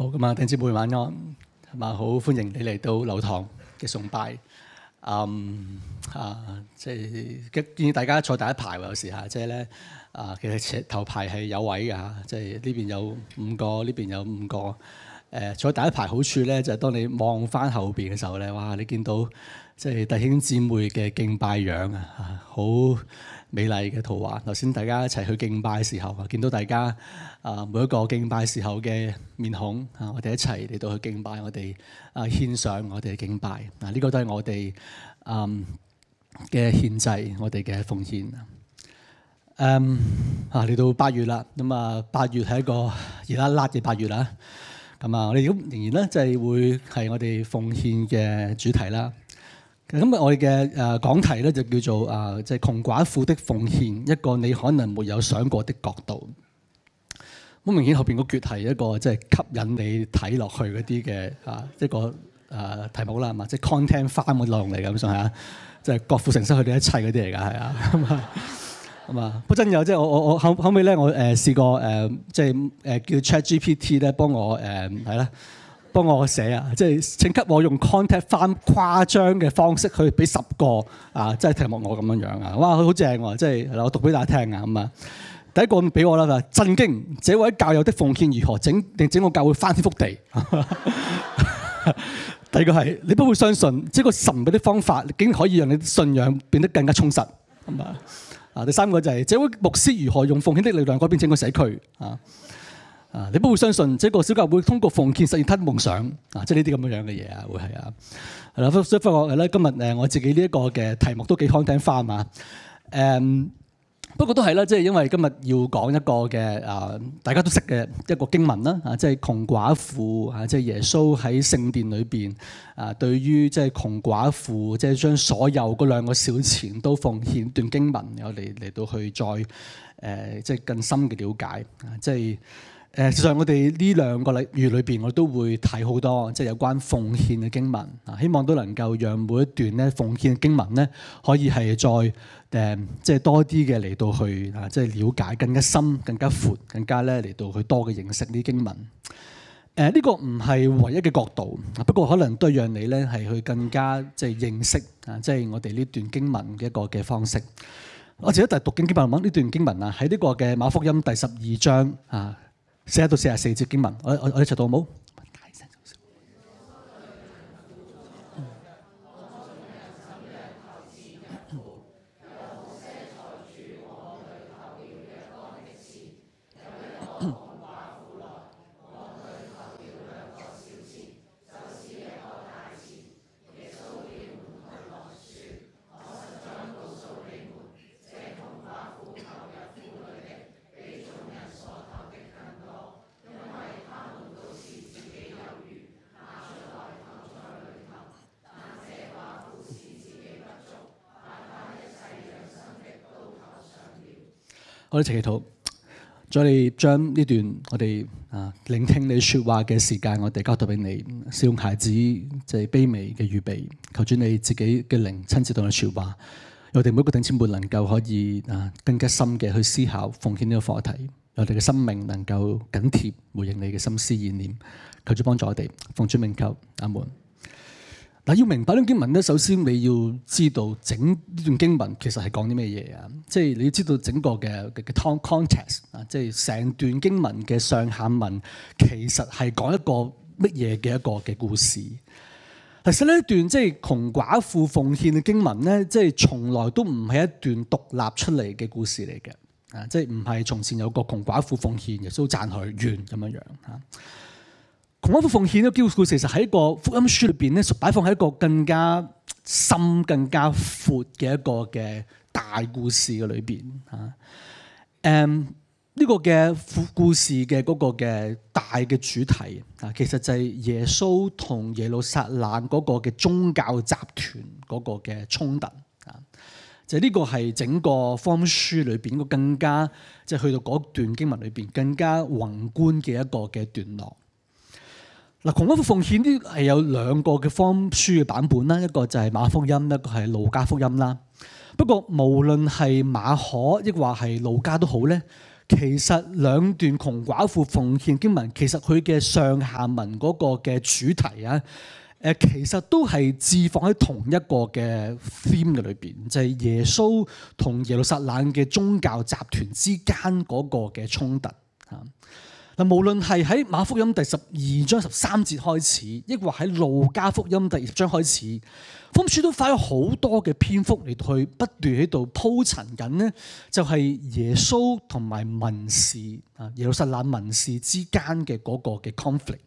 好，咁啊，丁姊妹晚安，同埋好歡迎你嚟到流堂嘅崇拜。嗯啊，即係建議大家坐第一排喎，有時嚇，即係咧啊，其實頭排係有位嘅嚇，即係呢邊有五個，呢邊有五個。誒，坐第一排好處咧，就係當你望翻後邊嘅時候咧，哇！你見到～即係弟兄姊妹嘅敬拜樣啊，好美麗嘅圖畫。頭先大家一齊去敬拜嘅時候啊，見到大家啊每一個敬拜時候嘅面孔啊，我哋一齊嚟到去敬拜，我哋啊獻上我哋嘅敬拜嗱，呢個都係我哋嗯嘅獻祭，我哋嘅奉獻。嗯啊，嚟到八月啦，咁啊八月係一個熱辣辣嘅八月啦。咁啊，我哋都仍然咧就係會係我哋奉獻嘅主題啦。咁日我哋嘅誒講題咧就叫做啊，即係窮寡婦的奉獻，一個你可能沒有想過的角度。好明顯，後邊個結題一個即係吸引你睇落去嗰啲嘅啊一個誒題目啦，係嘛？即係 content farm 嘅內容嚟嘅，咁上下，即係郭富城失去咗一切嗰啲嚟㗎，係啊？係嘛？不過真有即係我我我後後尾咧，我誒試過誒即係誒叫 ChatGPT 咧幫我誒係啦。幫我寫啊！即係請給我用 contact 翻誇張嘅方式去俾十個啊！即係題目我咁樣樣啊！哇，佢好正喎！即係我讀俾大家聽啊！咁啊，第一個俾我啦，震驚！這位教友的奉獻如何整定整個教會翻天覆地？啊、 第二個係，你不會相信，即係個神秘嘅方法竟然可以讓你的信仰變得更加充實。咁啊啊！第三個就係這位牧師如何用奉獻的力量改變整個社區啊！啊！你都會相信即係個小教會通過奉獻實現他夢、就是、的夢想啊！即係呢啲咁樣樣嘅嘢啊，會係啊係啦。所以發覺係咧，今日誒我自己呢一個嘅題目都幾康聽花啊！誒不過都係啦，即係因為今日要講一個嘅啊，大家都識嘅一個經文啦啊！即係窮寡婦啊！即、就、係、是、耶穌喺聖殿裏邊啊，對於即係窮寡婦即係將所有嗰兩個小錢都奉獻段經文，我哋嚟到去再誒即係更深嘅了解啊！即係。誒，事實上我哋呢兩個禮月裏邊，我都會睇好多，即係有關奉獻嘅經文啊。希望都能夠讓每一段咧奉獻嘅經文咧，可以係再誒，即係多啲嘅嚟到去啊，即係了解更加深、更加闊、更加咧嚟到去多嘅認識呢啲經文。誒，呢個唔係唯一嘅角度，不過可能都係讓你咧係去更加即係認識啊，即係我哋呢段經文嘅一個嘅方式。我而家就係讀經經文《聖經》文呢段經文啊，喺呢個嘅馬可福音第十二章啊。四十一到四十四節經文，我我我一齊讀，好冇？我哋齊祈禱，再嚟將呢段我哋啊聆聽你說話嘅時間，我哋交託俾你，使用孩子即係、就是、卑微嘅預備。求主你自己嘅靈親自同你說話。我哋每個頂尖門能夠可以啊更加深嘅去思考奉獻呢個課題。我哋嘅生命能夠緊貼回應你嘅心思意念。求主幫助我哋，奉主名，求，阿門。嗱，要明白呢經文咧，首先你要知道整呢段經文其實係講啲咩嘢啊？即係你要知道整個嘅嘅嘅湯 context 啊，即係成段經文嘅上下文，其實係講一個乜嘢嘅一個嘅故事。其實呢一段即係窮寡婦奉獻嘅經文咧，即係從來都唔係一段獨立出嚟嘅故事嚟嘅啊！即係唔係從前有個窮寡，寡婦奉獻嘅，都讚許完咁樣樣嚇。《窮寡婦奉獻》呢個故事其實喺一個福音書裏邊咧，擺放喺一個更加深、更加闊嘅一個嘅大故事嘅裏邊嚇。誒呢個嘅故事嘅嗰個嘅大嘅主題啊，其實就係耶穌同耶路撒冷嗰個嘅宗教集團嗰個嘅衝突啊。就呢個係整個福音書裏邊個更加即係去到嗰段經文裏邊更加宏觀嘅一個嘅段落。嗱，窮寡婦奉獻呢係有兩個嘅方書嘅版本啦，一個就係馬福音，一個係路加福音啦。不過無論係馬可抑或係路加都好咧，其實兩段窮寡婦奉獻經文，其實佢嘅上下文嗰個嘅主題啊，誒其實都係置放喺同一個嘅 theme 嘅裏邊，就係、是、耶穌同耶路撒冷嘅宗教集團之間嗰個嘅衝突嚇。嗱，無論係喺馬福音第十二章十三節開始，亦或喺路加福音第二章開始，《福音書》都花咗好多嘅篇幅嚟去不斷喺度鋪陳緊呢，就係、是、耶穌同埋文士啊，耶路撒冷文士之間嘅嗰個嘅 conflict。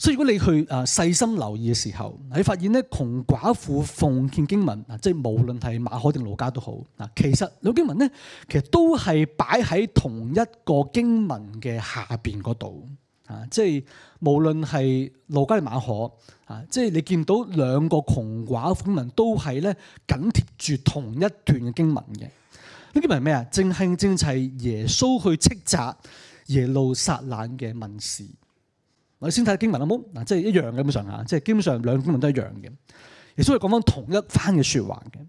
所以如果你去啊細心留意嘅時候，你發現咧窮寡，寡婦奉獻經文嗱，即係無論係馬可定路加都好嗱，其實路經文咧其實都係擺喺同一個經文嘅下邊嗰度啊，即係無論係路加定馬可啊，即係你見到兩個窮寡婦經文都係咧緊貼住同一段嘅經文嘅，呢啲經文係咩啊？正係正係耶穌去斥責耶路撒冷嘅文士。我哋先睇下經文好唔好嗱？即係一樣嘅，基本上啊，即係基本上兩個經文都一樣嘅。耶穌係講翻同一番嘅説話嘅。耶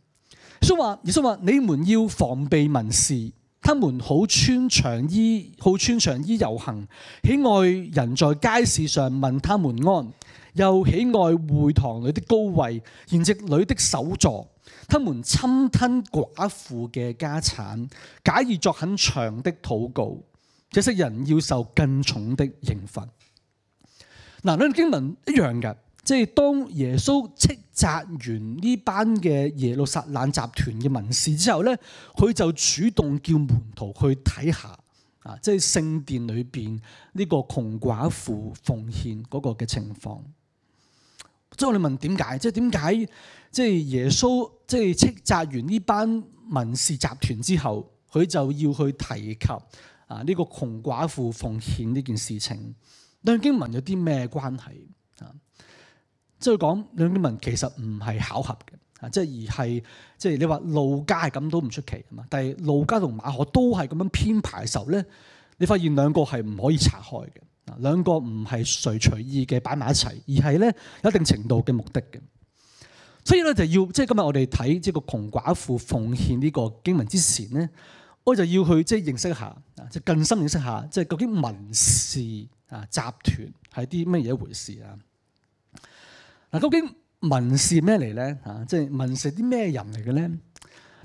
穌話，耶穌話：你們要防備文士，他們好穿長衣，好穿長衣遊行，喜愛人在街市上問他們安，又喜愛會堂裏的高位、筵席裏的首座。他們侵吞寡婦嘅家產，假意作很長的禱告，這些人要受更重的刑罰。嗱，呢經文一樣嘅，即係當耶穌斥責完呢班嘅耶路撒冷集團嘅文士之後咧，佢就主動叫門徒去睇下，啊，即係聖殿裏邊呢個窮寡，寡婦奉獻嗰個嘅情況。即係我哋問點解？即係點解？即係耶穌即係斥責完呢班文士集團之後，佢就要去提及啊呢個窮寡，寡婦奉獻呢件事情。兩經文有啲咩關係啊？即係講兩經文其實唔係巧合嘅啊，即係而係即係你話路加係咁都唔出奇啊嘛。但係路加同馬可都係咁樣編排嘅時候咧，你發現兩個係唔可以拆開嘅，兩個唔係隨隨意嘅擺埋一齊，而係咧有一定程度嘅目的嘅。所以咧就要即係今日我哋睇即係個窮寡婦奉獻呢個經文之前咧，我就要去即係認識一下啊，即係更深認識一下，即係究竟文士。啊！集團係啲乜嘢一回事啊？嗱，究竟文士咩嚟咧？嚇，即係文士啲咩人嚟嘅咧？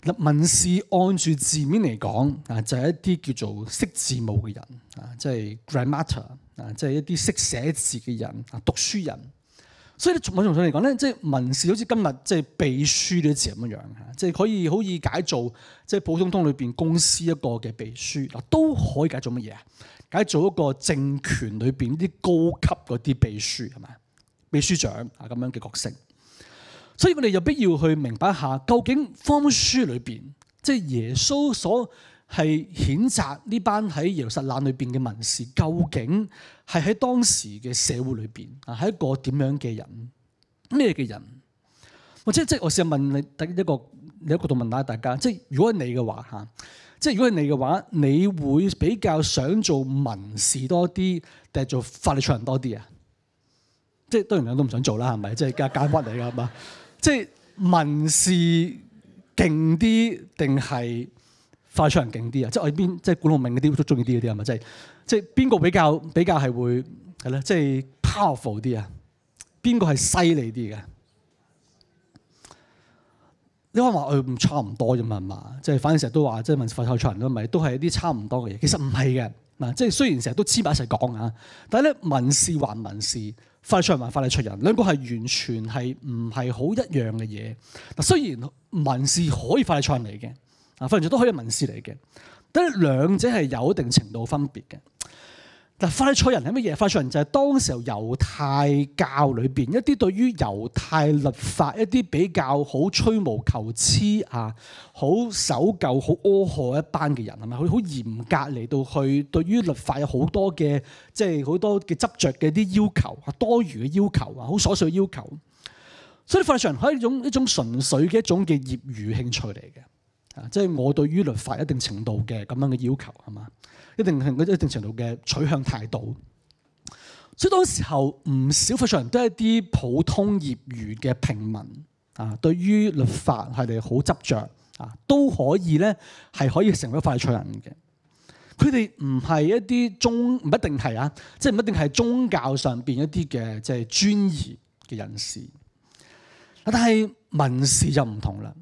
嗱，文士按住字面嚟講啊，就係、是、一啲叫做識字母嘅人啊，即係 grammar 啊，即係一啲識寫字嘅人啊，讀書人。所以咧，從我從上嚟講咧，即係文士，好似今日即係秘書呢啲字咁樣樣嚇，即係可以好易解做，即係普通通裏邊公司一個嘅秘書，嗱都可以解做乜嘢啊？解做一個政權裏邊啲高級嗰啲秘書係咪？秘書長啊咁樣嘅角色。所以我哋有必要去明白一下，究竟方書裏邊即係耶穌所。係譴責呢班喺耶路撒冷裏邊嘅文士，究竟係喺當時嘅社會裏邊啊，係一個點樣嘅人？咩嘅人？我即即我想問你，第一個你一個度問題，大家即係如果你嘅話嚇，即係如果係你嘅話，你會比較想做文士多啲，定係做法律出人多啲啊？即係當然兩都唔想做啦，係咪？就是、的是不是 即係家家屈嚟噶嘛？即係文士勁啲定係？法利賽人勁啲啊！即係我哋邊，即係管轄明嗰啲都中意啲嗰啲係咪？即係即係邊個比較比較係會係咧？即係、即係、powerful 啲啊！邊個係犀利啲嘅？你可話話佢唔差唔多啫嘛係嘛？即係反正成日都話即係文士法利賽人咯，咪都係啲差唔多嘅嘢。其實唔係嘅嗱，即係雖然成日都黐埋一齊講啊，但係咧文士還文士，法利賽人還法利賽人，兩個係完全係唔係好一樣嘅嘢。嗱，雖然文士可以法利賽人嚟嘅。啊，法利賽都可以係文士嚟嘅，但係兩者係有一定程度分別嘅。嗱，法利賽人係乜嘢？法利賽人就係當時候猶太教裏邊一啲對於猶太律法一啲比較好吹毛求疵啊，好守舊、好苛刻一班嘅人係咪？佢好嚴格嚟到去對於律法有好多嘅即係好多嘅執着嘅啲要求啊，多餘嘅要求啊，好瑣碎嘅要求。所以法利賽人係一種一種純粹嘅一種嘅業餘興趣嚟嘅。即係我對於律法一定程度嘅咁樣嘅要求係嘛？一定係一定程度嘅取向態度。所以當時候唔少法利賽人都係一啲普通業餘嘅平民啊，對於律法係哋好執着，啊，都可以咧係可以成為法利賽人嘅。佢哋唔係一啲宗唔一定係啊，即係唔一定係宗教上邊一啲嘅即係專業嘅人士。但係民事就唔同啦。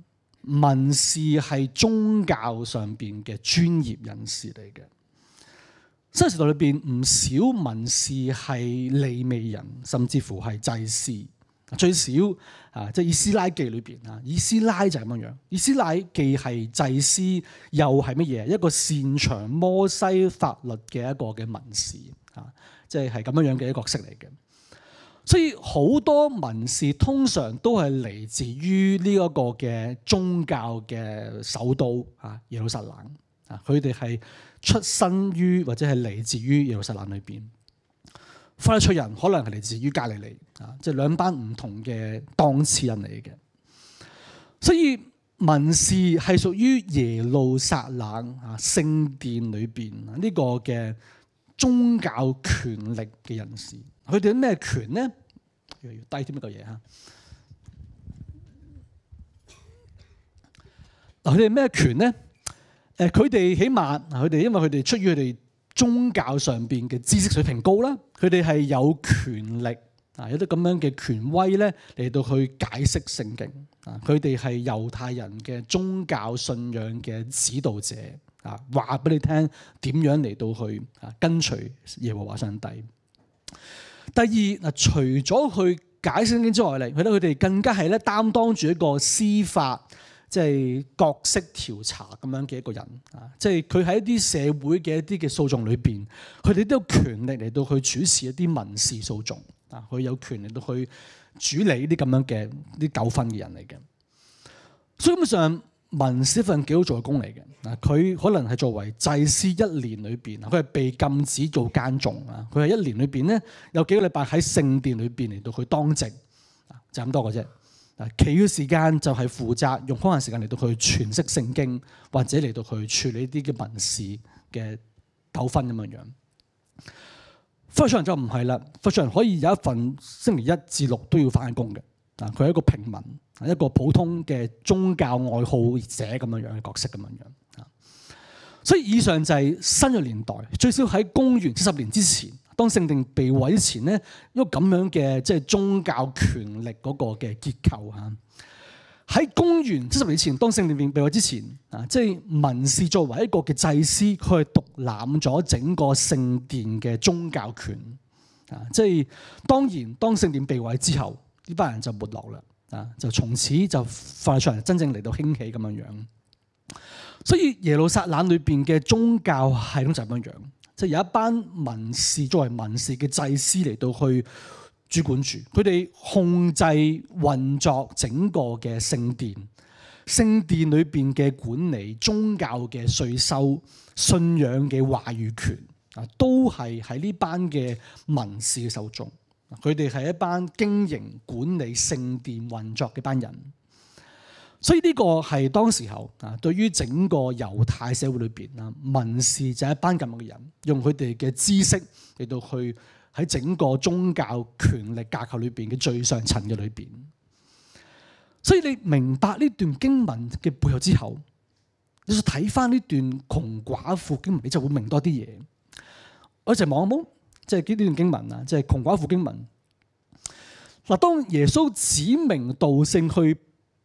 民事係宗教上邊嘅專業人士嚟嘅。新時代裏邊唔少民事係利未人，甚至乎係祭司。最少啊，即係以斯拉記裏邊啊，以斯拉就係咁樣樣。以斯拉既係祭司，又係乜嘢？一個擅長摩西法律嘅一個嘅民事啊，即係係咁樣樣嘅一個角色嚟嘅。所以好多文士通常都係嚟自於呢一個嘅宗教嘅首都啊，耶路撒冷啊，佢哋係出身於或者係嚟自於耶路撒冷裏邊。法利賽人可能係嚟自於加利利啊，即係兩班唔同嘅檔次人嚟嘅。所以文士係屬於耶路撒冷啊聖殿裏邊呢個嘅宗教權力嘅人士。佢哋咩權呢？又要低啲一個嘢哈。嗱，佢哋咩權呢？誒，佢哋起碼，佢哋因為佢哋出於佢哋宗教上邊嘅知識水平高啦，佢哋係有權力啊，有啲咁樣嘅權威咧，嚟到去解釋聖經啊。佢哋係猶太人嘅宗教信仰嘅指導者啊，話俾你聽點樣嚟到去啊，跟隨耶和華上帝。第二嗱，除咗去解釋之外嚟，我覺得佢哋更加係咧擔當住一個司法即係、就是、角色調查咁樣嘅一個人啊，即係佢喺一啲社會嘅一啲嘅訴訟裏邊，佢哋都有權力嚟到去主持一啲民事訴訟啊，佢有權力到去處理呢啲咁樣嘅啲糾紛嘅人嚟嘅，所以根本上。文士份幾好做嘅工嚟嘅，嗱，佢可能係作為祭司一年裏邊，佢係被禁止做間眾啊，佢係一年裏邊咧有幾個禮拜喺聖殿裏邊嚟到佢當值，就咁多個啫。嗱，其餘嘅時間就係負責用空閒時間嚟到佢詮釋聖經，或者嚟到佢處理啲嘅民事嘅糾紛咁嘅樣。富商就唔係啦，富商可以有一份星期一至六都要翻工嘅。啊！佢係一個平民，一個普通嘅宗教愛好者咁樣樣嘅角色咁樣樣。所以以上就係新約年代，最少喺公元七十年之前，當聖殿被毀前咧，一個咁樣嘅即係宗教權力嗰個嘅結構吓。喺公元七十年前，當聖殿被毀之前，啊，即係文士作為一個嘅祭司，佢係獨攬咗整個聖殿嘅宗教權。啊，即係當然，當聖殿被毀之後。呢班人就沒落啦，啊，就從此就快出嚟，真正嚟到興起咁樣樣。所以耶路撒冷裏邊嘅宗教系統就咁樣樣，即係有一班文士作為文士嘅祭司嚟到去主管住，佢哋控制運作整個嘅聖殿，聖殿裏邊嘅管理、宗教嘅稅收、信仰嘅話語權啊，都係喺呢班嘅文士嘅手中。佢哋係一班經營管理聖殿運作嘅班人，所以呢個係當時候啊，對於整個猶太社會裏邊啊，文士就係一班咁嘅人，用佢哋嘅知識嚟到去喺整個宗教權力架構裏邊嘅最上層嘅裏邊。所以你明白呢段經文嘅背後之後，你睇翻呢段窮寡婦經文，你就會明多啲嘢。我哋望下即係呢段經文啊，即係窮寡婦經文。嗱，當耶穌指名道姓去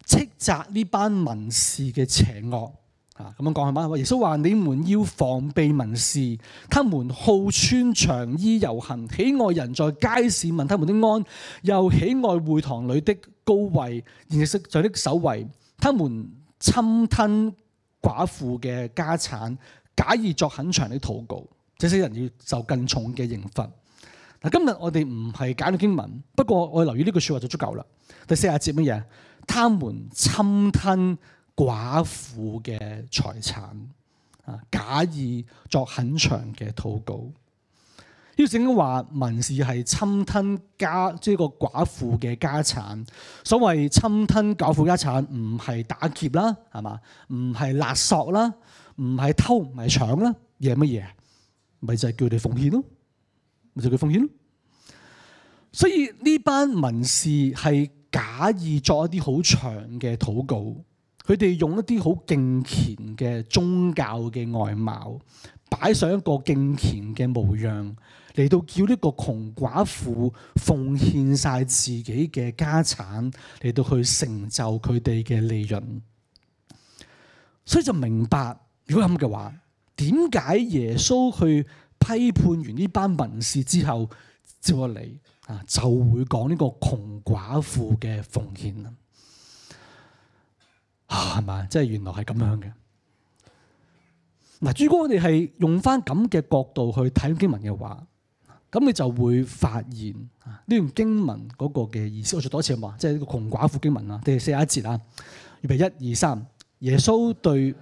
斥責呢班文士嘅邪惡，啊咁樣講係嗎？耶穌話：你們要防備文士，他們好穿長衣遊行，喜愛人在街市問他們的安，又喜愛會堂裏的高位、筵席上的首位。他們侵吞寡婦嘅家產，假意作很長的禱告。這些人要受更重嘅刑罰。嗱，今日我哋唔係解讀經文，不過我留意呢句説話就足夠啦。第四十節乜嘢？他們侵吞寡婦嘅財產，啊，假意作很長嘅禱告。呢段話，民事係侵吞家即係個寡婦嘅家產。所謂侵吞寡婦家產，唔係打劫啦，係嘛？唔係勒索啦，唔係偷，唔係搶啦，係乜嘢？咪就係叫你奉獻咯，咪就叫你奉獻咯。所以呢班文士係假意作一啲好長嘅禱告，佢哋用一啲好敬虔嘅宗教嘅外貌，擺上一個敬虔嘅模樣，嚟到叫呢個窮寡婦奉獻晒自己嘅家產，嚟到去成就佢哋嘅利潤。所以就明白，如果咁嘅話。點解耶穌去批判完呢班文士之後，接落嚟啊就會講呢個窮寡,寡婦嘅奉獻啊？係咪？即係原來係咁樣嘅？嗱，如果我哋係用翻咁嘅角度去睇經文嘅話，咁你就會發現啊，呢段經文嗰個嘅意思，我再多次話，即係呢個窮寡,寡婦經文啊，第四十一節啊，預備一二三，耶穌對。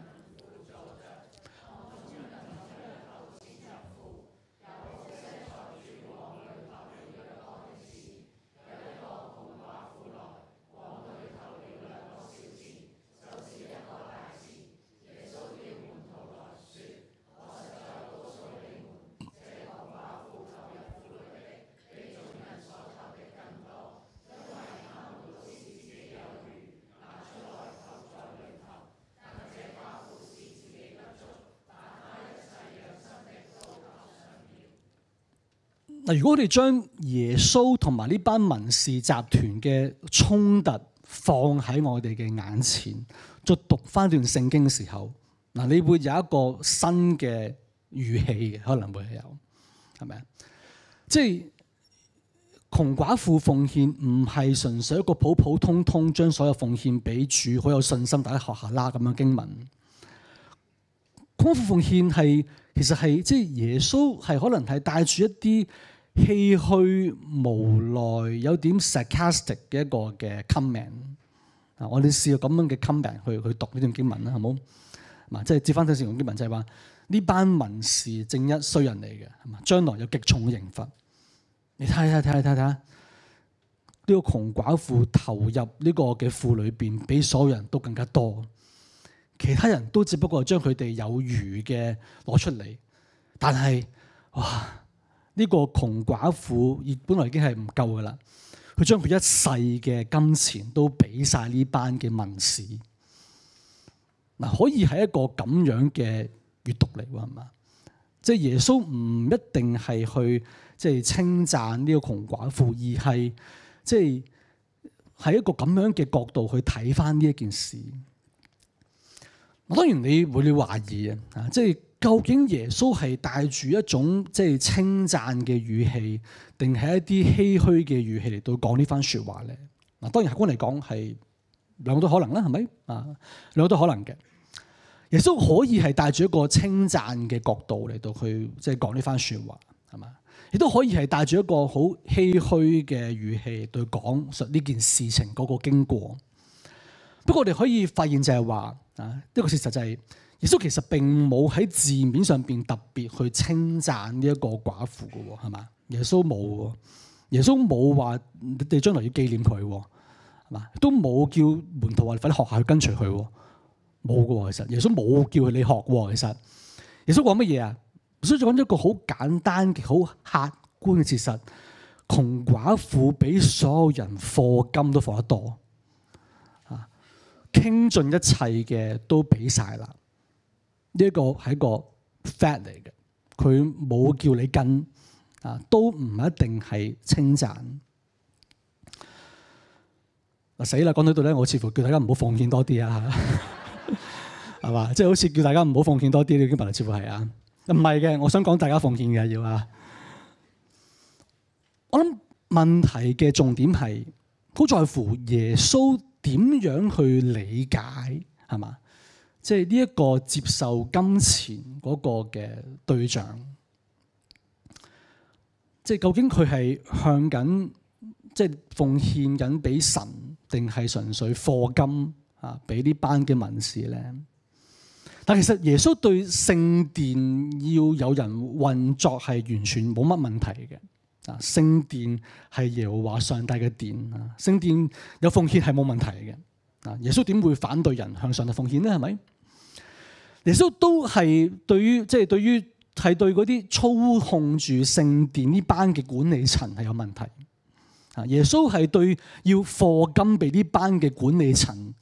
嗱，如果我哋將耶穌同埋呢班民事集團嘅衝突放喺我哋嘅眼前，再讀翻段聖經嘅時候，嗱，你會有一個新嘅語氣嘅，可能會有，係咪啊？即係窮寡婦奉獻唔係純粹一個普普通通將所有奉獻俾主，好有信心大家學下啦咁樣的經文。窮寡婦奉獻係其實係即係耶穌係可能係帶住一啲。唏噓無奈，有點 sarcastic 嘅一個嘅 comment 啊！我哋試用咁樣嘅 comment 去去讀呢段經文啦，係冇？嗱，即係接翻睇聖經經文就係，就係話呢班文士正一衰人嚟嘅，係嘛？將來有極重嘅刑罰。你睇睇睇睇睇下呢個窮寡婦投入呢個嘅庫裏邊，比所有人都更加多。其他人都只不過將佢哋有餘嘅攞出嚟，但係哇！呢、這個窮寡婦亦本來已經係唔夠噶啦，佢將佢一世嘅金錢都俾晒呢班嘅文士。嗱，可以係一個咁樣嘅閱讀嚟喎，係嘛？即係耶穌唔一定係去即係稱讚呢個窮寡婦，而係即係喺一個咁樣嘅角度去睇翻呢一件事。我當然你會你懷疑啊，即係。究竟耶穌係帶住一種即係稱讚嘅語氣，定係一啲唏噓嘅語氣嚟到講呢番說話咧？嗱，當然客觀嚟講係兩個都可能啦，係咪啊？兩個都可能嘅，耶穌可以係帶住一個稱讚嘅角度嚟到去即係講呢番說話，係嘛？亦都可以係帶住一個好唏噓嘅語氣對講述呢件事情嗰個經過。不過我哋可以發現就係話啊，呢個事實就係。耶穌其實並冇喺字面上邊特別去稱讚呢一個寡婦嘅，係嘛？耶穌冇，耶穌冇話你哋將來要紀念佢，係嘛？都冇叫門徒話快啲學下去跟隨佢，冇嘅。其實耶穌冇叫你學。其實耶穌講乜嘢啊？耶穌就講一個好簡單嘅、好客觀嘅事實：窮寡婦比所有人課金都放得多啊，傾盡一切嘅都俾晒啦。呢一個係一個 fact 嚟嘅，佢冇叫你跟啊，都唔一定係稱讚。嗱死啦，講到度咧，我似乎叫大家唔好奉獻多啲啊，係 嘛？即係好似叫大家唔好奉獻多啲，你已經本來似乎係啊，唔係嘅，我想講大家奉獻嘅要啊。我諗問題嘅重點係好在乎耶穌點樣去理解係嘛？即係呢一個接受金錢嗰個嘅對象，即係究竟佢係向緊即係奉獻緊俾神，定係純粹課金啊？俾呢班嘅文士咧？但其實耶穌對聖殿要有人運作係完全冇乜問題嘅。啊，聖殿係耶和華上帝嘅殿啊，聖殿有奉獻係冇問題嘅。啊，耶穌點會反對人向上帝奉獻咧？係咪？耶穌都係對於即係對於係對嗰啲操控住聖殿呢班嘅管理層係有問題啊！耶穌係對要課金俾呢班嘅管理層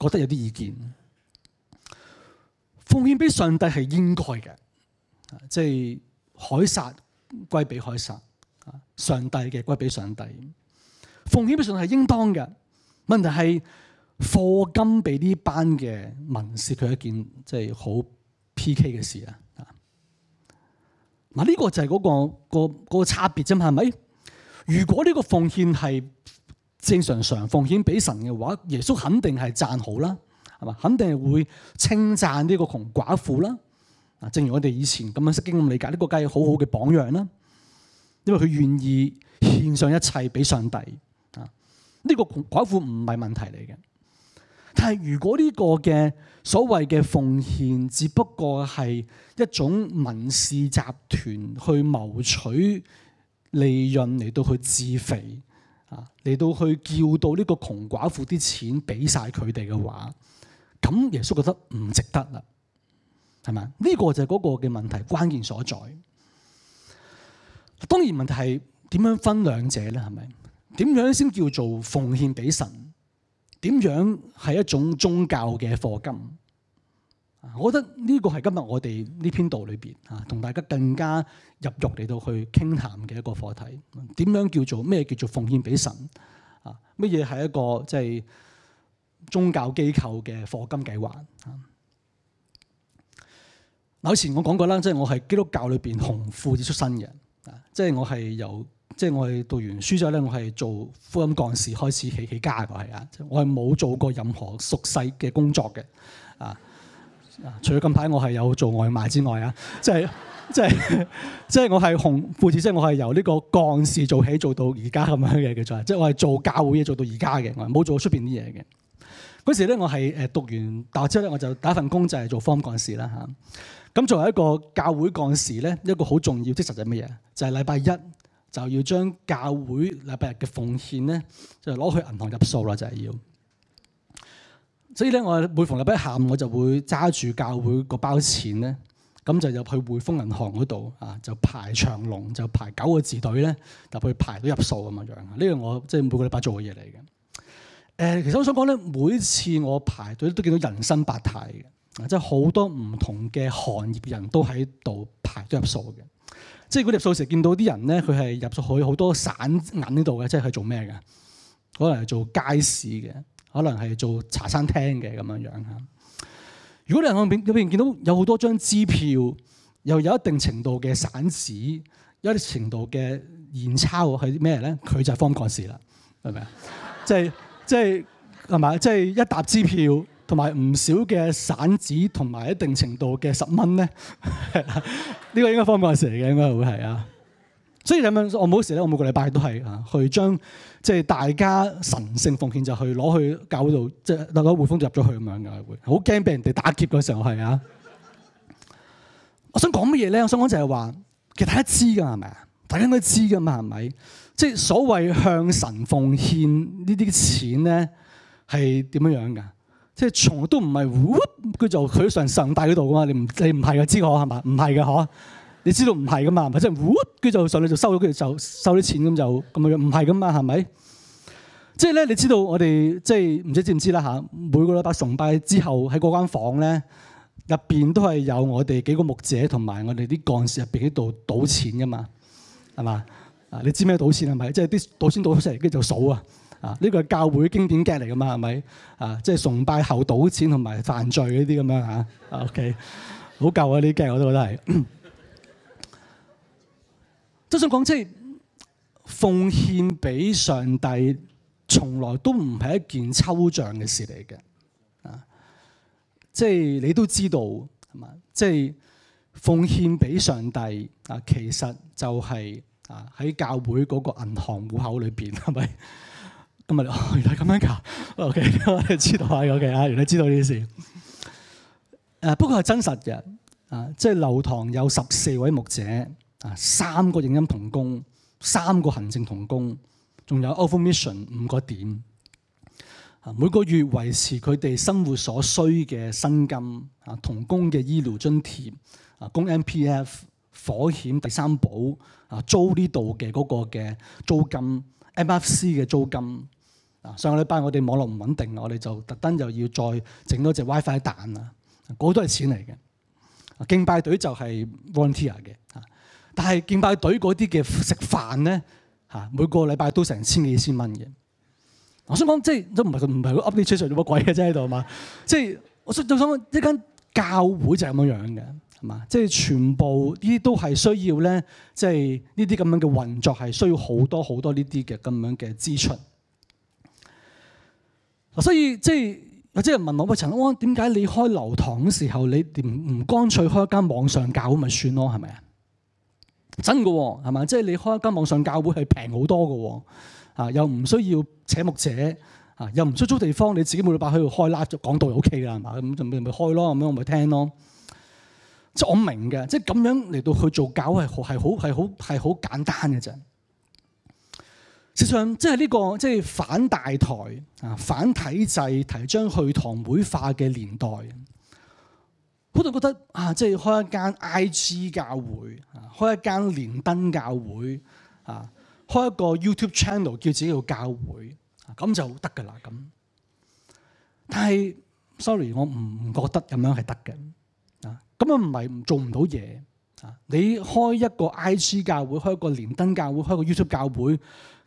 覺得有啲意見。奉獻俾上帝係應該嘅，即係海撒歸俾海撒，上帝嘅歸俾上帝。奉獻俾上帝係應當嘅，問題係，課金俾呢班嘅文士，佢一件即係好 P.K. 嘅事啊。嗱，呢個就係嗰、那個、那個、那個差別啫。係咪？如果呢個奉獻係正常常奉獻俾神嘅話，耶穌肯定係贊好啦，係嘛？肯定係會稱讚呢個窮寡婦啦。啊，正如我哋以前咁樣識經咁理解，呢、這個計好好嘅榜樣啦，因為佢願意獻上一切俾上帝啊。呢、這個窮寡婦唔係問題嚟嘅。但係如果呢個嘅所謂嘅奉獻，只不過係一種民事集團去謀取利潤嚟到去自肥啊，嚟到去叫到呢個窮寡婦啲錢俾晒佢哋嘅話，咁耶穌覺得唔值得啦，係咪？呢個就係嗰個嘅問題關鍵所在。當然問題係點樣分兩者咧？係咪？點樣先叫做奉獻俾神？點樣係一種宗教嘅課金？我覺得呢個係今日我哋呢篇道裏邊啊，同大家更加入肉嚟到去傾談嘅一個課題。點樣叫做咩叫做奉獻俾神啊？乜嘢係一個即係宗教機構嘅課金計劃啊？嗱，以前我講過啦，即係我係基督教裏邊紅褲子出身嘅，即係我係由……即係我係讀完書之後咧，我係做福音幹事開始起起家個係啊。我係冇做過任何屬世嘅工作嘅啊。除咗近排我係有做外賣之外啊，即係即係即係我係紅褲子，即係、就是、我係由呢個幹事做起做到而家咁樣嘅叫做。即、就、係、是、我係做教會嘢做到而家嘅，我冇做過出邊啲嘢嘅嗰時咧。我係誒讀完大學之後咧，我就打份工就係做福音幹事啦嚇。咁、啊、作為一個教會幹事咧，一個好重要即係實際乜嘢？就係、是、禮拜一。就要將教會禮拜日嘅奉獻咧，就攞去銀行入數啦，就係要。所以咧，我每逢禮拜下午我就會揸住教會嗰包錢咧，咁就入去匯豐銀行嗰度啊，就排長龍，就排九個字隊咧，就去排到入數咁樣樣。呢樣我即係每個禮拜做嘅嘢嚟嘅。誒，其實我想講咧，每次我排隊都見到人生百態嘅，即係好多唔同嘅行業人都喺度排到入數嘅。即係嗰啲數時見到啲人咧，佢係入咗去好多散銀呢度嘅，即係佢做咩嘅？可能係做街市嘅，可能係做茶餐廳嘅咁樣樣嚇。如果你喺入邊入邊見到有好多張支票，又有一定程度嘅散紙，有一啲程度嘅現鈔，係咩咧？佢 就係方爵士啦，係咪啊？即係即係係嘛？即係一沓支票。同埋唔少嘅散紙，同埋一定程度嘅十蚊咧，呢 個應該方過時嚟嘅，應該會係啊。所以咁樣我冇事咧，我每個禮拜都係啊，去將即係大家神聖奉獻就去攞去搞到，即係大家匯豐入咗去咁樣嘅會，好驚俾人哋打劫嗰時候係啊 我什麼呢。我想講乜嘢咧？我想講就係話，其實大家知㗎係咪啊？大家應該知㗎嘛係咪？即係所謂向神奉獻這些呢啲錢咧，係點樣樣㗎？即係從來都唔係，佢就去上崇拜嗰度噶嘛？你唔你唔係嘅，知我係咪？唔係嘅呵，你知道唔係噶嘛？唔係即係，佢就上嚟就收咗佢就收啲錢咁就咁嘅樣，唔係噶嘛？係咪？即係咧，你知道我哋即係唔知知唔知啦嚇？每個禮拜崇拜之後喺嗰間房咧，入邊都係有我哋幾個牧者同埋我哋啲幹事入邊喺度賭錢噶嘛，係嘛？啊，你知咩賭錢係咪？即係啲賭錢賭出嚟，跟住就數啊！啊！呢，這個係教會經典 gag 嚟㗎嘛，係咪？啊，即係崇拜後賭錢同埋犯罪呢啲咁樣嚇。啊、 OK，好舊啊！呢啲 gag 我都覺得係、嗯。都想講即係奉獻俾上帝，從來都唔係一件抽象嘅事嚟嘅。啊，即係你都知道係嘛？即係奉獻俾上帝啊，其實就係、是、啊喺教會嗰個銀行戶口裏邊係咪？ 原來咁樣噶，OK，我哋知道啊，OK 啊，原來知道呢啲事。誒，不過係真實嘅。啊，即係流堂有十四位牧者，啊，三個影音同工，三個行政同工，仲有 off mission 五個點，啊，每個月維持佢哋生活所需嘅薪金，啊，同工嘅醫療津貼，啊，供 MPF、火險、第三保，啊，租呢度嘅嗰個嘅租金，MFC 嘅租金。.啊！上個禮拜我哋網絡唔穩定，我哋就特登又要再整多隻 WiFi 蛋嗰、那個、都係錢嚟嘅。敬拜隊就係 volunteer 嘅，但係敬拜隊嗰啲嘅食飯咧，每個禮拜都成千幾千蚊嘅。我想講即係都唔係唔係 update 上咗乜鬼嘅啫喺度嘛？即係、就是、我想就想，想一間教會就係咁樣嘅係嘛？即係全部呢啲都係需要咧，即係呢啲咁樣嘅運作係需要好多好多呢啲嘅咁樣嘅支出。所以即係有啲人問我：喂，陳韋安，點解你開流堂嘅時候，你唔唔乾脆開一間網上教咪算咯？係咪啊？真嘅喎，係嘛？即係你開一間網上教會係平好多嘅喎，又唔需要扯木扯，又唔需要租地方，你自己每禮拜喺度就就開啦，講道又 OK 㗎，係嘛？咁就咪咪開咯，咁樣我咪聽咯。即係我明嘅，即係咁樣嚟到去做教係係好係好係好簡單嘅啫。事實上即係呢個即係反大台啊，反體制，提倡去堂會化嘅年代，我都覺得啊，即係開一間 IG 教會啊，開一間連登教會啊，開一個 YouTube channel 叫自己做教會，啊，咁就得噶啦咁。但係，sorry，我唔覺得咁樣係得嘅啊。咁啊，唔係唔做唔到嘢啊。你開一個 IG 教會，開一個連登教會，開一個 YouTube 教會。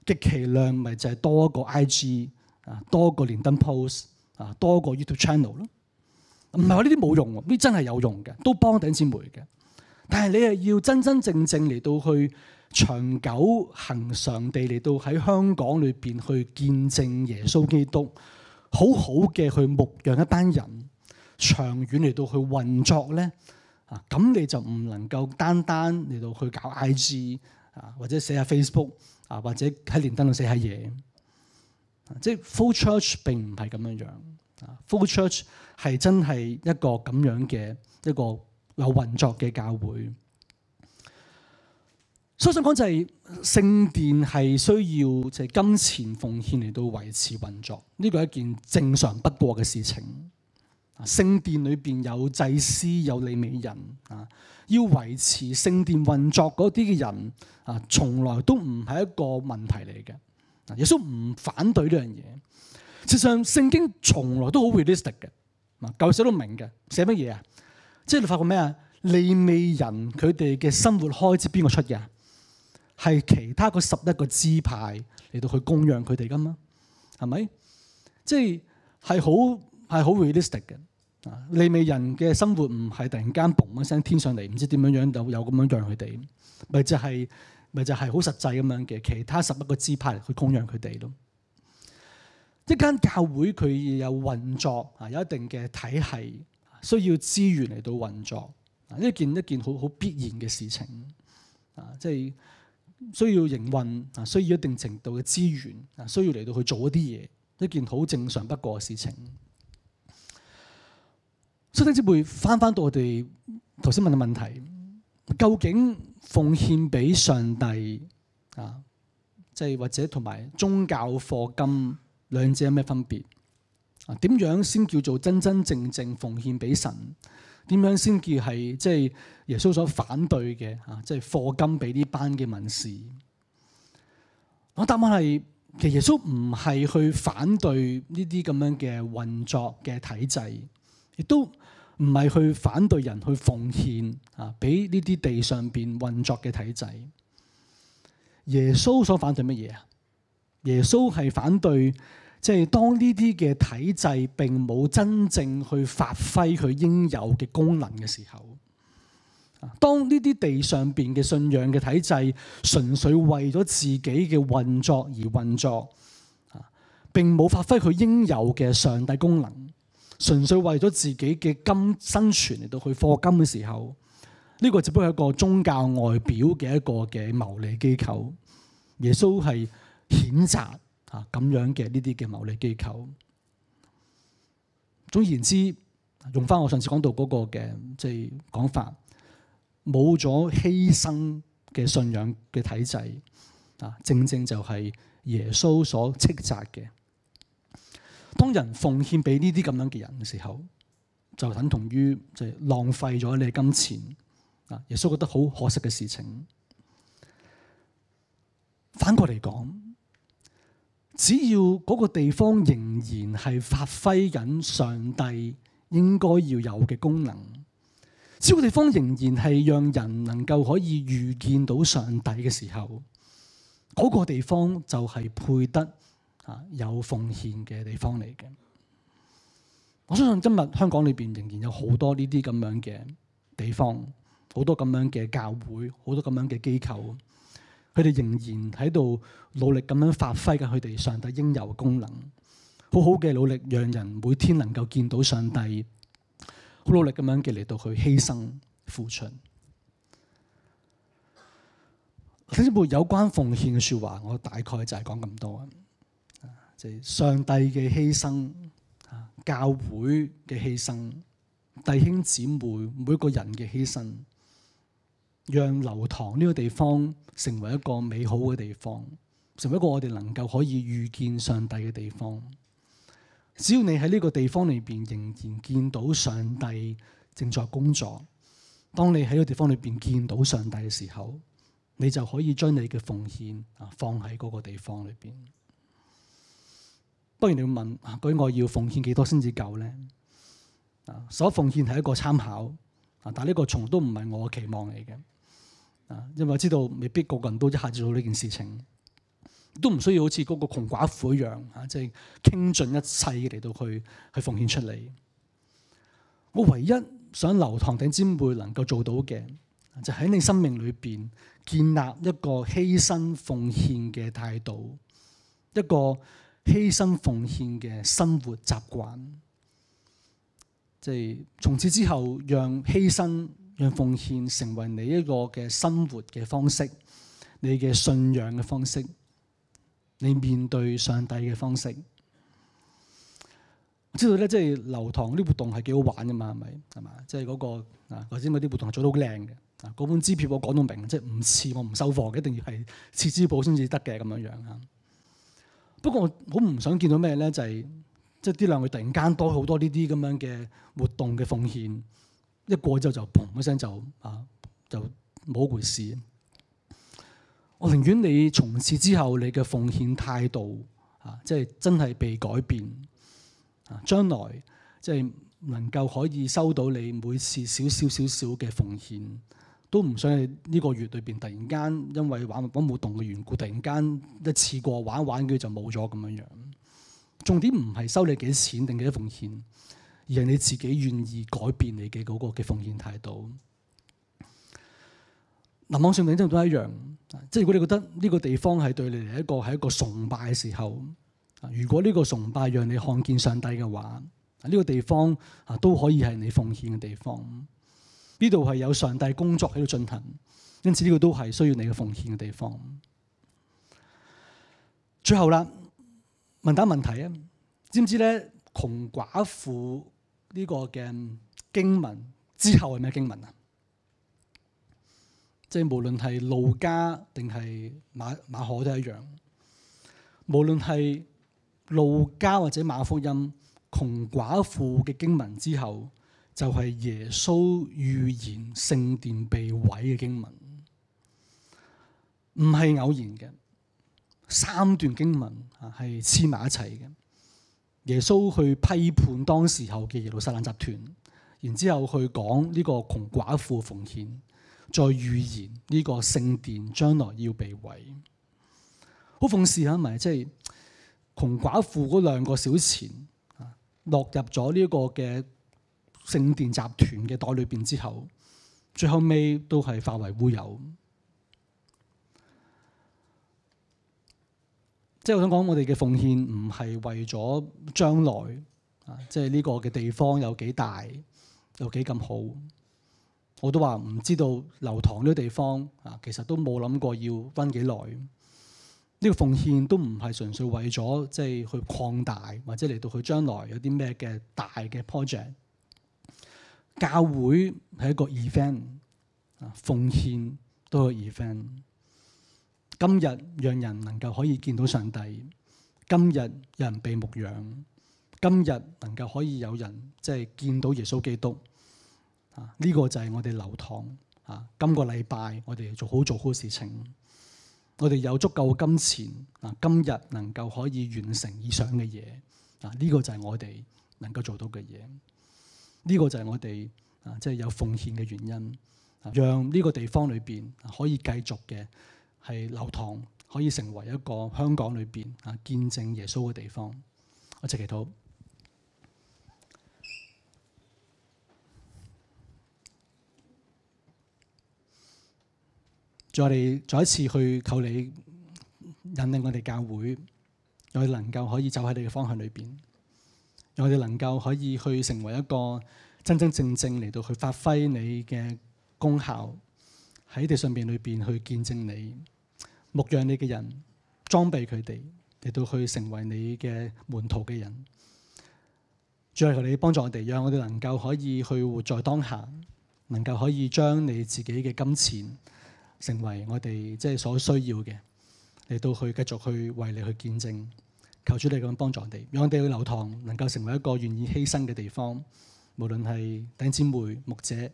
極其量咪就係多一個 IG 啊，多個連登 post 啊，多個 YouTube channel 咯。唔係話呢啲冇用，呢啲真係有用嘅，都幫頂尖媒嘅。但係你係要真真正正嚟到去長久恒常地嚟到喺香港裏邊去見證耶穌基督，好好嘅去牧養一班人，長遠嚟到去運作咧。啊，咁你就唔能夠單單嚟到去搞 IG 啊，或者寫下 Facebook。啊，或者喺連登度寫下嘢，即係 flow church 並唔係咁樣樣。啊，flow church 係真係一個咁樣嘅一個有運作嘅教會。所以想講就係、是、聖殿係需要即係金錢奉獻嚟到維持運作，呢個係一件正常不過嘅事情。聖殿裏邊有祭司，有利未人，啊，要維持聖殿運作嗰啲嘅人，啊，從來都唔係一個問題嚟嘅。耶穌唔反對呢樣嘢。事實上，聖經從來都好 realistic 嘅。啊，舊約寫到明嘅，寫乜嘢啊？即係你發覺咩啊？利未人佢哋嘅生活開支邊個出嘅？係其他嗰十一個支派嚟到去供養佢哋噶嘛？係咪？即係係好。係好 realistic 嘅。啊，利未人嘅生活唔係突然間嘣一聲天上嚟，唔知點樣樣就有咁樣養佢哋，咪就係咪就係好實際咁樣嘅。其他十一個支派去供養佢哋咯。一間教會佢有運作啊，有一定嘅體系，需要資源嚟到運作啊，一件一件好好必然嘅事情啊，即係需要營運啊，需要一定程度嘅資源啊，需要嚟到去做一啲嘢，一件好正常不過嘅事情。出生之輩翻翻到我哋頭先問嘅問題，究竟奉獻俾上帝啊，即係或者同埋宗教課金兩者有咩分別？啊，點樣先叫做真真正正奉獻俾神？點樣先叫係即係耶穌所反對嘅啊？即係課金俾呢班嘅文士？我答案係，其實耶穌唔係去反對呢啲咁樣嘅運作嘅體制，亦都。唔係去反對人去奉獻啊，俾呢啲地上邊運作嘅體制。耶穌所反對乜嘢啊？耶穌係反對，即係當呢啲嘅體制並冇真正去發揮佢應有嘅功能嘅時候。當呢啲地上邊嘅信仰嘅體制純粹為咗自己嘅運作而運作啊，並冇發揮佢應有嘅上帝功能。純粹為咗自己嘅金生存嚟到去課金嘅時候，呢個只不過係一個宗教外表嘅一個嘅牟利機構。耶穌係譴責啊咁樣嘅呢啲嘅牟利機構。總言之，用翻我上次講到嗰個嘅即係講法，冇咗犧牲嘅信仰嘅體制啊，正正就係耶穌所斥責嘅。當人奉獻俾呢啲咁樣嘅人嘅時候，就等同於就係浪費咗你嘅金錢。啊，耶穌覺得好可惜嘅事情。反過嚟講，只要嗰個地方仍然係發揮緊上帝應該要有嘅功能，只要呢個地方仍然係讓人能夠可以遇見到上帝嘅時候，嗰、嗰個地方就係配得。有奉獻嘅地方嚟嘅，我相信今日香港裏邊仍然有好多呢啲咁樣嘅地方，好多咁樣嘅教會，好多咁樣嘅機構，佢哋仍然喺度努力咁樣發揮緊佢哋上帝應有嘅功能，好好嘅努力，讓人每天能夠見到上帝，好努力咁樣嘅嚟到去犧牲付出。呢本有關奉獻嘅説話，我大概就係講咁多啊。上帝嘅犧牲，教會嘅犧牲，弟兄姊妹每一個人嘅犧牲，讓流堂呢個地方成為一個美好嘅地方，成為一個我哋能夠可以遇見上帝嘅地方。只要你喺呢個地方裏邊仍然見到上帝正在工作，當你喺個地方裏邊見到上帝嘅時候，你就可以將你嘅奉獻啊放喺嗰個地方裏邊。不如你問，究竟我要奉獻幾多先至夠咧？啊，所奉獻係一個參考，但係呢個從都唔係我期望嚟嘅。啊，因為我知道未必個個人都一下子做到呢件事情，都唔需要好似嗰個窮寡婦一樣，吓即係傾盡一切嚟到去去奉獻出嚟。我唯一想流堂頂尖會能夠做到嘅，就喺、是、你生命裏邊建立一個犧牲奉獻嘅態度，一個。犧牲奉獻嘅生活習慣，即係從此之後，讓犧牲、讓奉獻成為你一個嘅生活嘅方式，你嘅信仰嘅方式，你面對上帝嘅方式。我知道咧，即係流堂啲活動係幾好玩噶嘛，係咪？係嘛，即係嗰個啊，頭先嗰啲活動係做得好靚嘅。嗰本支票我講到明，即係唔似我唔收貨嘅，一定要係持支票先至得嘅，咁樣樣啊。不過我好唔想見到咩咧，就係即係啲兩個突然間多好多呢啲咁樣嘅活動嘅奉獻，一過之後就砰一聲就啊就冇回事。我寧願你從此之後你嘅奉獻態度啊，即係真係被改變啊，將來即係能夠可以收到你每次少少少少嘅奉獻。都唔想喺呢個月裏邊突然間因為玩物玩活動嘅緣故，突然間一次過玩玩佢就冇咗咁樣樣。重點唔係收你幾多錢定幾多奉獻，而係你自己願意改變你嘅嗰個嘅奉獻態度。你網上面真都一樣，即係如果你覺得呢個地方係對你嚟一個係一個崇拜嘅時候，啊，如果呢個崇拜讓你看見上帝嘅話，呢個地方啊都可以係你奉獻嘅地方。呢度係有上帝工作喺度進行，因此呢個都係需要你嘅奉獻嘅地方。最後啦，問大問題啊，知唔知咧窮寡婦呢、這個嘅經文之後係咩經文啊？即係無論係路加定係馬馬可都一樣，無論係路加或者馬福音窮寡婦嘅經文之後，就係、是、耶穌預言聖殿被毀嘅經文，唔係偶然嘅。三段經文係黐埋一齊嘅。耶穌去批判當時候嘅耶路撒冷集團，然之後去講呢個窮寡婦嘅奉獻，再預言呢個聖殿將來要被毀。好諷刺啊，咪即係窮寡婦嗰兩個小錢啊，落入咗呢個嘅。聖殿集團嘅袋裏邊之後，最後尾都係化為烏有。即係我想講，我哋嘅奉獻唔係為咗將來，啊，即係呢個嘅地方有幾大，有幾咁好。我都話唔知道流堂呢個地方啊，其實都冇諗過要分幾耐。呢、呢個奉獻都唔係純粹為咗即係去擴大，或者嚟到佢將來有啲咩嘅大嘅 project。教會係一個 event，啊，奉獻都係 event。今日讓人能夠可以見到上帝，今日有人被牧養，今日能夠可以有人即係見到耶穌基督，啊、這、呢個就係我哋流堂。啊、這、今個禮拜我哋做好做好事情，我哋有足夠金錢，嗱，今日能夠可以完成以上嘅嘢，啊、這、呢個就係我哋能夠做到嘅嘢。呢、這個就係我哋啊，即係有奉獻嘅原因，讓呢個地方裏邊可以繼續嘅係流堂，可以成為一個香港裏邊啊見證耶穌嘅地方。我謝祈禱，在我哋再一次去求你引領我哋教會，我哋能夠可以走喺你嘅方向裏邊。讓我哋能夠可以去成為一個真真正正嚟到去發揮你嘅功效喺地上邊裏邊去見證你牧養你嘅人，裝備佢哋嚟到去成為你嘅門徒嘅人，最後你幫助我哋，讓我哋能夠可以去活在當下，能夠可以將你自己嘅金錢成為我哋即係所需要嘅，嚟到去繼續去為你去見證。求主你咁樣幫助我哋，讓我哋嘅流堂能夠成為一個願意犧牲嘅地方。無論係弟兄姊妹、牧者、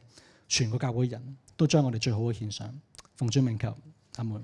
全個教會人，都將我哋最好嘅獻上，奉主名求，阿門。